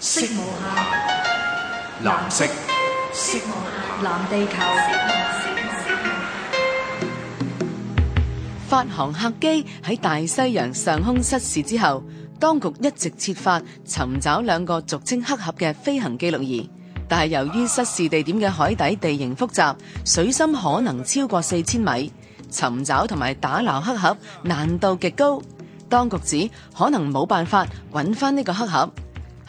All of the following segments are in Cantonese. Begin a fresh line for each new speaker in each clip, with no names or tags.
色無限，藍色色無限，藍地球。法航客機喺大西洋上空失事之後，當局一直設法尋找兩個俗稱黑盒嘅飛行記錄儀，但係由於失事地點嘅海底地形複雜，水深可能超過四千米，尋找同埋打撈黑盒難度極高。當局指可能冇辦法揾翻呢個黑盒。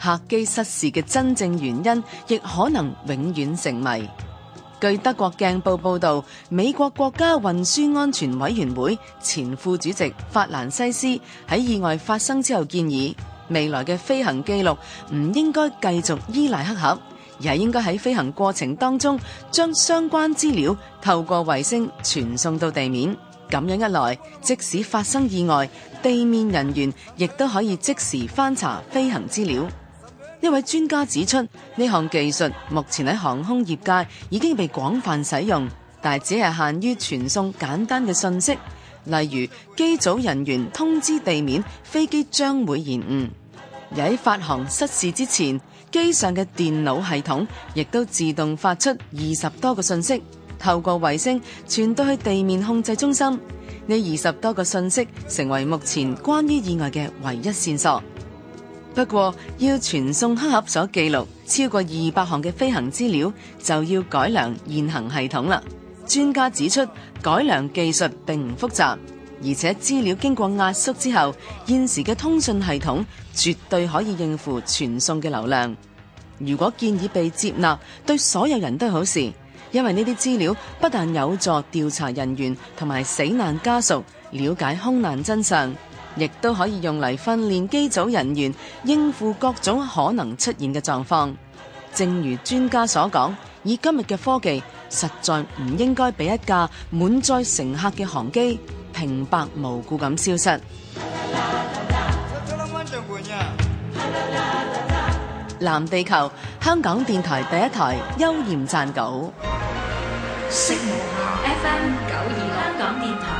客機失事嘅真正原因，亦可能永遠成謎。據德國鏡報報道，美國國家運輸安全委員會前副主席法蘭西斯喺意外發生之後建議，未來嘅飛行記錄唔應該繼續依賴黑盒，而係應該喺飛行過程當中將相關資料透過衛星傳送到地面。咁樣一來，即使發生意外，地面人員亦都可以即時翻查飛行資料。一位專家指出，呢項技術目前喺航空業界已經被廣泛使用，但只係限於傳送簡單嘅信息，例如機組人員通知地面飛機將會延誤，而喺發行失事之前，機上嘅電腦系統亦都自動發出二十多個信息，透過衛星傳到去地面控制中心。呢二十多個信息成為目前關於意外嘅唯一線索。不過要傳送黑盒所記錄超過二百項嘅飛行資料，就要改良現行系統啦。專家指出，改良技術並唔複雜，而且資料經過壓縮之後，現時嘅通訊系統絕對可以應付傳送嘅流量。如果建議被接納，對所有人都係好事，因為呢啲資料不但有助調查人員同埋死難家屬，了解空難真相，亦都可以用嚟訓練機組人員應付各種可能出現嘅狀況。正如專家所講，以今日嘅科技，實在唔應該俾一架滿載乘客嘅航機平白無故咁消失。藍地球，香港電台第一台，邱焱撰稿，FM 九二，香港電台。